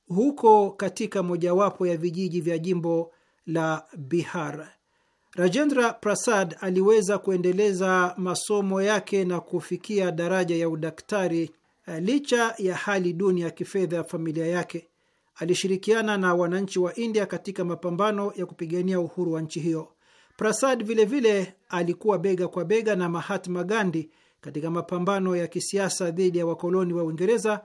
huko katika mojawapo ya vijiji vya jimbo la Bihar. Rajendra Prasad aliweza kuendeleza masomo yake na kufikia daraja ya udaktari eh, licha ya hali duni ya kifedha ya familia yake. Alishirikiana na wananchi wa India katika mapambano ya kupigania uhuru wa nchi hiyo. Prasad vilevile vile alikuwa bega kwa bega na Mahatma Gandhi katika mapambano ya kisiasa dhidi ya wakoloni wa Uingereza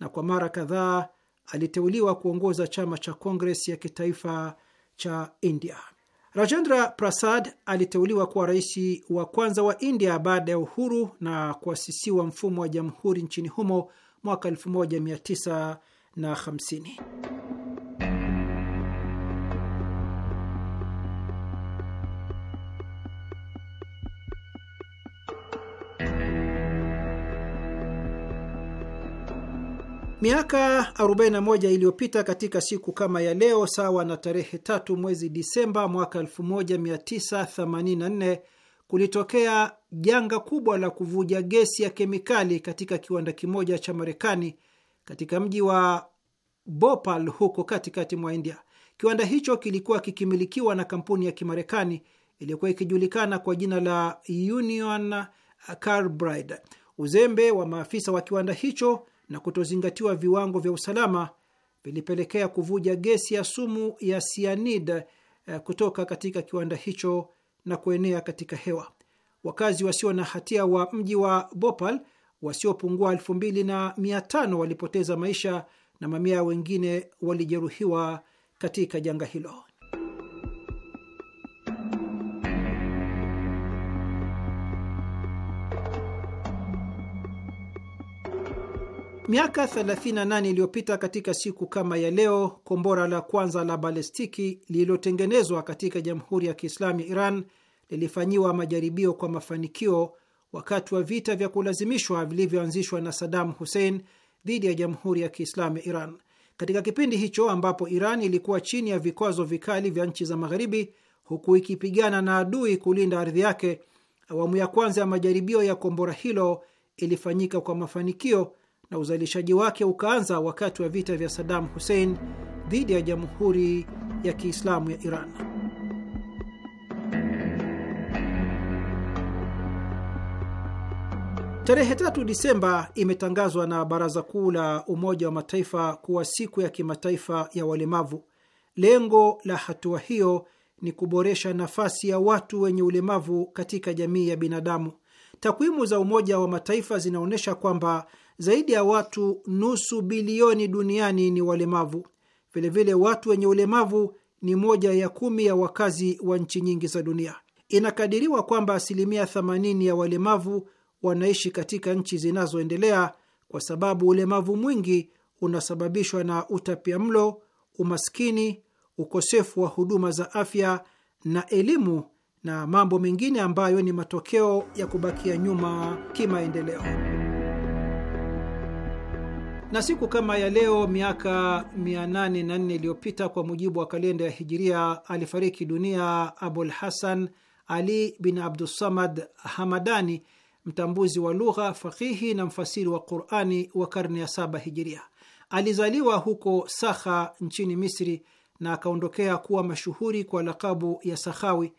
na kwa mara kadhaa aliteuliwa kuongoza chama cha Kongres ya kitaifa cha India. Rajendra Prasad aliteuliwa kuwa rais wa kwanza wa India baada ya uhuru na kuasisiwa mfumo wa jamhuri nchini humo mwaka 1950. Miaka 41 iliyopita katika siku kama ya leo, sawa na tarehe tatu mwezi Disemba mwaka 1984 kulitokea janga kubwa la kuvuja gesi ya kemikali katika kiwanda kimoja cha Marekani katika mji wa Bhopal huko katikati mwa India. Kiwanda hicho kilikuwa kikimilikiwa na kampuni ya Kimarekani iliyokuwa ikijulikana kwa jina la Union Carbide. Uzembe wa maafisa wa kiwanda hicho na kutozingatiwa viwango vya usalama vilipelekea kuvuja gesi ya sumu ya sianid eh, kutoka katika kiwanda hicho na kuenea katika hewa. Wakazi wasio na hatia wa mji wa Bhopal wasiopungua elfu mbili na mia tano walipoteza maisha na mamia wengine walijeruhiwa katika janga hilo. Miaka 38 iliyopita katika siku kama ya leo, kombora la kwanza la balestiki lililotengenezwa katika Jamhuri ya Kiislamu ya Iran lilifanyiwa majaribio kwa mafanikio wakati wa vita vya kulazimishwa vilivyoanzishwa na Saddam Hussein dhidi ya Jamhuri ya Kiislamu ya Iran. Katika kipindi hicho ambapo Iran ilikuwa chini ya vikwazo vikali vya nchi za Magharibi, huku ikipigana na adui kulinda ardhi yake, awamu ya kwanza ya majaribio ya kombora hilo ilifanyika kwa mafanikio na uzalishaji wake ukaanza wakati wa vita vya Saddam Hussein dhidi ya Jamhuri ya Kiislamu ya Iran. Tarehe tatu Disemba imetangazwa na Baraza Kuu la Umoja wa Mataifa kuwa siku ya kimataifa ya walemavu. Lengo la hatua hiyo ni kuboresha nafasi ya watu wenye ulemavu katika jamii ya binadamu. Takwimu za Umoja wa Mataifa zinaonyesha kwamba zaidi ya watu nusu bilioni duniani ni walemavu. Vilevile watu wenye ulemavu ni moja ya kumi ya wakazi wa nchi nyingi za dunia. Inakadiriwa kwamba asilimia 80 ya walemavu wanaishi katika nchi zinazoendelea kwa sababu ulemavu mwingi unasababishwa na utapiamlo, umaskini, ukosefu wa huduma za afya na elimu na mambo mengine ambayo ni matokeo ya kubakia nyuma kimaendeleo na siku kama ya leo miaka 804 iliyopita kwa mujibu wa kalenda ya Hijiria alifariki dunia Abul Hasan Ali bin Abdussamad Hamadani, mtambuzi wa lugha, fakihi na mfasiri wa Qurani wa karne ya saba Hijiria. Alizaliwa huko Sakha nchini Misri na akaondokea kuwa mashuhuri kwa lakabu ya Sakhawi.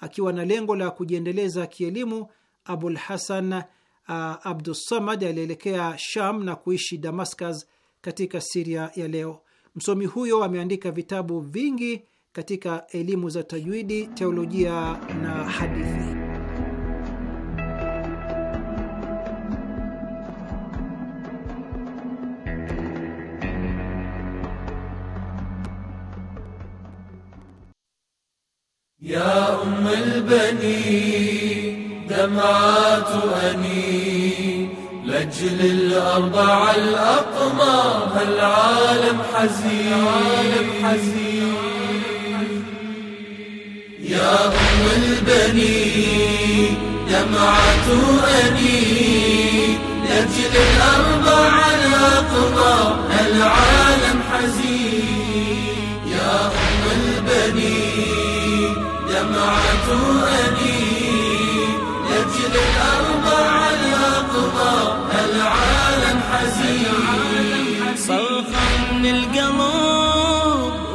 Akiwa na lengo la kujiendeleza kielimu, Abul Hasan uh, Abdussamad alielekea Sham na kuishi Damascus katika Siria ya leo. Msomi huyo ameandika vitabu vingi katika elimu za tajwidi, teolojia na hadithi. Ya ummul banin دمعات أنين لأجل الأربع الأقمار هالعالم حزين, حزين يا أم البني دمعة أنين لأجل الأربع الأقمار هالعالم حزين يا أم البني دمعة أنين الأربع الأقطاب العالم حزين صرخة من القلب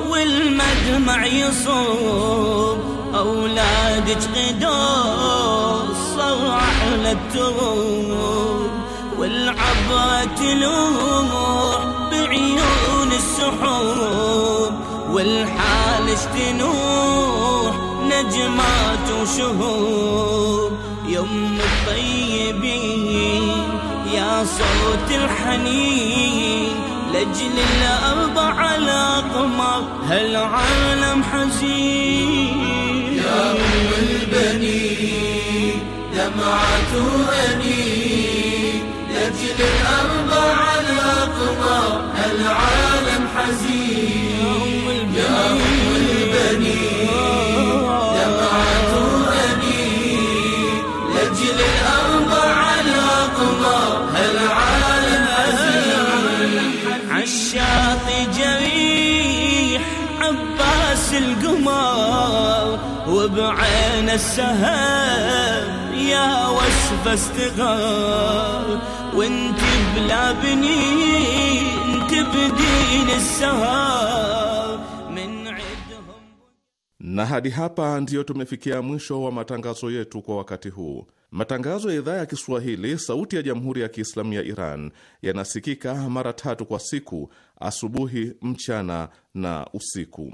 والمدمع يصوب أولادك غدور صرع للتروب والعبرة تلوح بعيون السحوب والحال اجتنوح نجمات وشهور يوم الطيبين يا صوت الحنين لجل الأرض على قمر هالعالم حزين يا أم البني دمعة أنين لجل الأرض على قمر هالعالم حزين وبعين السهام يا وصف استغار وانت بلا بنين تبدين السهار من عدهم na hadi hapa ndiyo tumefikia mwisho wa matangazo yetu kwa wakati huu. Matangazo ya idhaa ya Kiswahili sauti ya jamhuri ya Kiislamu ya Iran yanasikika mara tatu kwa siku: asubuhi, mchana na usiku.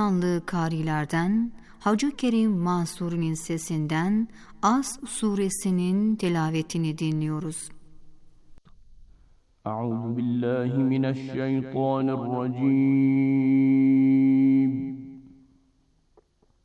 şanlı karilerden Hacı Kerim Mansur'un sesinden As suresinin telavetini dinliyoruz. Euzu